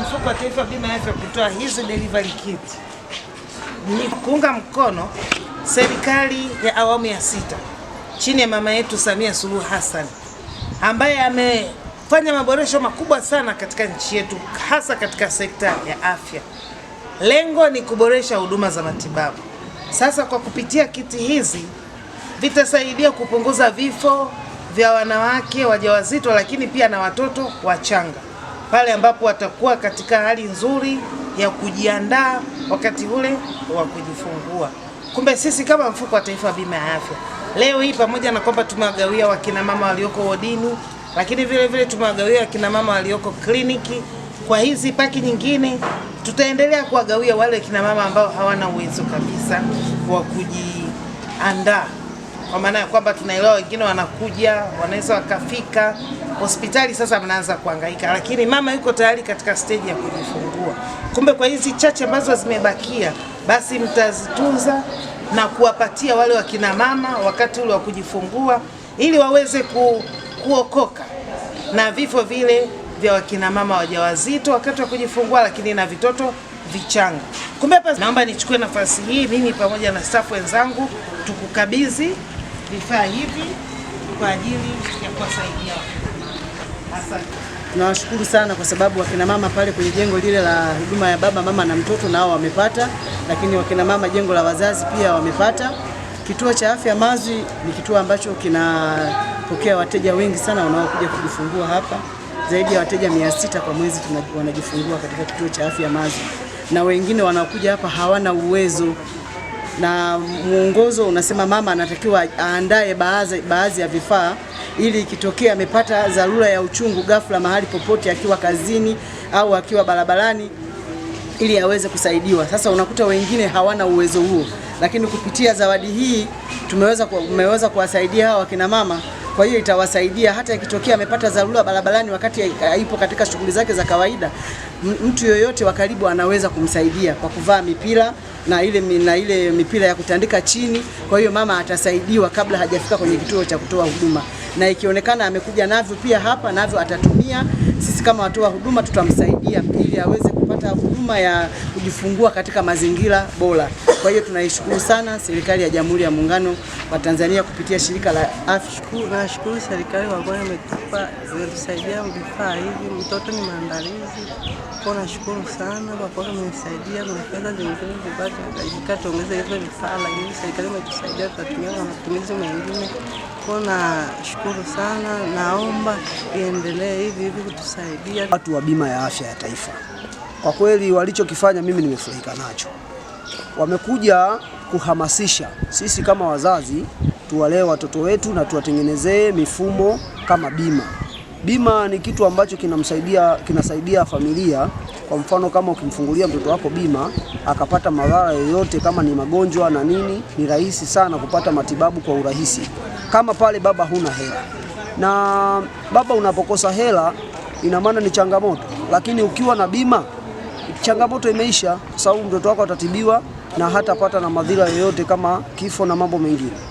Mfuko wa Taifa Bima ya Afya kutoa hizi delivery kit ni kuunga mkono serikali ya awamu ya sita chini ya mama yetu Samia Suluhu Hassan ambaye amefanya maboresho makubwa sana katika nchi yetu, hasa katika sekta ya afya. Lengo ni kuboresha huduma za matibabu. Sasa kwa kupitia kiti hizi vitasaidia kupunguza vifo vya wanawake wajawazito, lakini pia na watoto wachanga, pale ambapo watakuwa katika hali nzuri ya kujiandaa wakati ule wa kujifungua. Kumbe sisi kama mfuko wa taifa wa bima ya afya leo hii, pamoja na kwamba tumewagawia wakina mama walioko wodini, lakini vile vile tumewagawia wakina mama walioko kliniki. Kwa hizi paki nyingine, tutaendelea kuwagawia wale kina mama ambao hawana uwezo kabisa wa kujiandaa kwa maana ya kwamba tunaelewa wengine wanakuja wanaweza wakafika hospitali, sasa mnaanza kuhangaika, lakini mama yuko tayari katika stage ya kujifungua. Kumbe kwa hizi chache ambazo zimebakia, basi mtazitunza na kuwapatia wale wakina mama wakati ule wa kujifungua, ili waweze ku, kuokoka na vifo vile vya wakina mama wajawazito wakati wa kujifungua, lakini na vitoto vichanga. Kumbe hapa naomba nichukue nafasi hii mimi pamoja na staff wenzangu tukukabidhi vifaa hivi kwa ajili ya kuwasaidia Tunawashukuru sana kwa sababu wakinamama pale kwenye jengo lile la huduma ya baba mama na mtoto nao wamepata, lakini wakinamama jengo la wazazi pia wamepata. Kituo cha afya Mazwi ni kituo ambacho kinapokea wateja wengi sana wanaokuja kujifungua hapa. Zaidi ya wateja mia sita kwa mwezi wanajifungua katika kituo cha afya Mazwi, na wengine wanaokuja hapa hawana uwezo na mwongozo unasema mama anatakiwa aandae baadhi baadhi ya vifaa ili ikitokea amepata dharura ya uchungu ghafla mahali popote, akiwa kazini au akiwa barabarani, ili aweze kusaidiwa. Sasa unakuta wengine hawana uwezo huo, lakini kupitia zawadi hii tumeweza umeweza kuwasaidia hawa wakina mama. Kwa hiyo itawasaidia hata ikitokea amepata dharura barabarani, wakati haipo katika shughuli zake za kawaida, mtu yoyote wa karibu anaweza kumsaidia kwa kuvaa mipira na ile, na ile mipira ya kutandika chini. Kwa hiyo mama atasaidiwa kabla hajafika kwenye kituo cha kutoa huduma, na ikionekana amekuja navyo pia hapa navyo atatumia. Sisi kama watoa huduma tutamsaidia huduma ya kujifungua katika mazingira bora. Kwa hiyo tunaishukuru sana serikali ya Jamhuri ya Muungano wa Tanzania kupitia shirika la afya. Nashukuru serikali kwa kuwa imetupa imetusaidia vifaa hivi, mtoto ni maandalizi kwa, nashukuru sana kwa kuwa imesaidia na fedha zingine zipate kujika tuongeze hizo vifaa, lakini serikali imetusaidia tutatumia na matumizi mengine kwa, nashukuru sana, naomba iendelee hivi hivi kutusaidia. Watu wa bima ya afya ya taifa kwa kweli walichokifanya mimi nimefurahika nacho. Wamekuja kuhamasisha sisi kama wazazi tuwalee watoto wetu na tuwatengenezee mifumo kama bima. Bima ni kitu ambacho kinamsaidia, kinasaidia familia. Kwa mfano kama ukimfungulia mtoto wako bima akapata madhara yoyote, kama ni magonjwa na nini, ni rahisi sana kupata matibabu kwa urahisi, kama pale baba huna hela. Na baba unapokosa hela, ina maana ni changamoto, lakini ukiwa na bima changamoto imeisha, kwa sababu mtoto wako atatibiwa na hatapata na madhila yoyote kama kifo na mambo mengine.